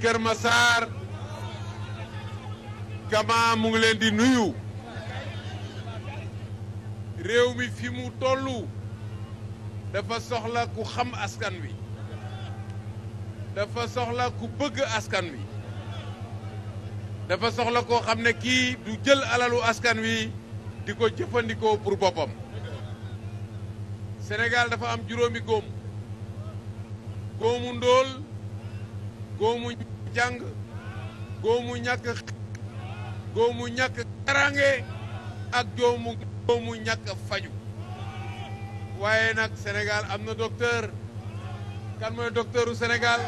Kër Massar Kama mu leen di nuyu réew mi fi mu tollu dafa soxla ku xam askan wi dafa soxla ku bëgg askan wi dafa soxla koo xam ne kii du jël alalu askan wi di ko jëfandikoo pour boppam senegal dafa am juróomi góom góomu góo mu jàng góo mu ñàkk góo ñàkk karange ak joo mu ñàkk faju waaye nag Sénégal am na docteur kan mooy docteuru Sénégal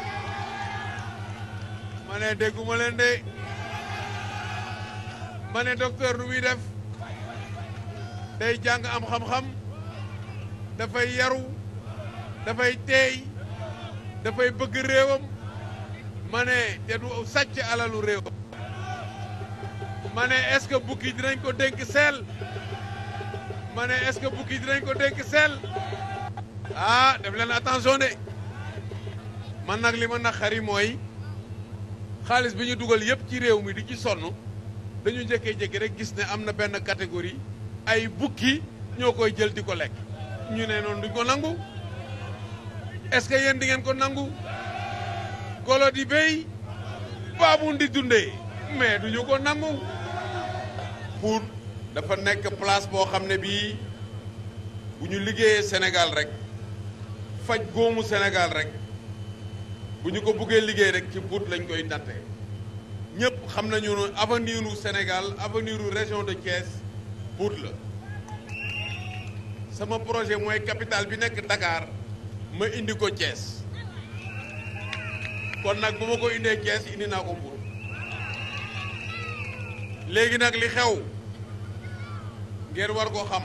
ma ne dégguma leen de ma ne docteur nu muy def day jàng am xam-xam dafay yaru dafay teey dafay bëgg réewam mane ne te du sàcc alalu réew ma ne est-ce que bukki dinañ ko dénk seel ma ne est-ce que bukki dinañ ko dénk seel ah def leen attention man nag li ma naqari mooy xaalis bi ñu dugal yëpp ci réew mi di ci sonn dañu njëkkee-jékki rek gis ne am na benn catégorie ay bukki ñoo koy jël di ko lekk ñu ne noonu duñ ko nangu est-ce que yéen di ngeen ko nangu golo di béy baabun di dundee mais duñu ko nangu pour dafa nekk place boo xam ne bii bu ñu liggéeyee senegal rek faj góomu senegal rek bu ko buggee liggéey rek ci buut lañ koy nattee ñëpp xam nañu ne avenir u Sénégal avenir région de Thiès buut la sama projet mooy capital bi nekk Dakar ma indi ko cees kon nag bu ma ko indee Thiès indi naa ko Mbour léegi nag li xew ngeen war ko xam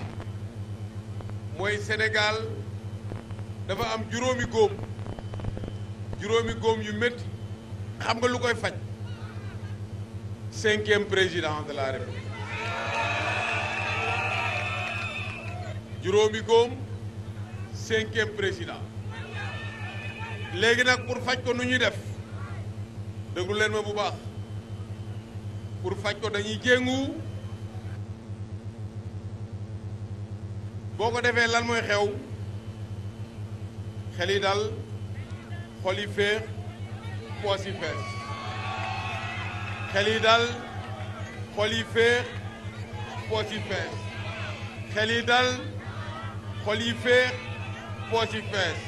mooy Sénégal dafa am juróomi góom juróomi góom yu métti xam nga lu koy faj cinquième président de la République juróomi góom cinquième président léegi nag pour faj ko nu ñuy def déglu leen ma bu baax pour faj ko dañuy jéngu boo ko defee lan mooy xew xel yi dal xol yi féex poos yi xel yi dal xol yi féex poos yi fees xel yi dal xol yi féex poos yi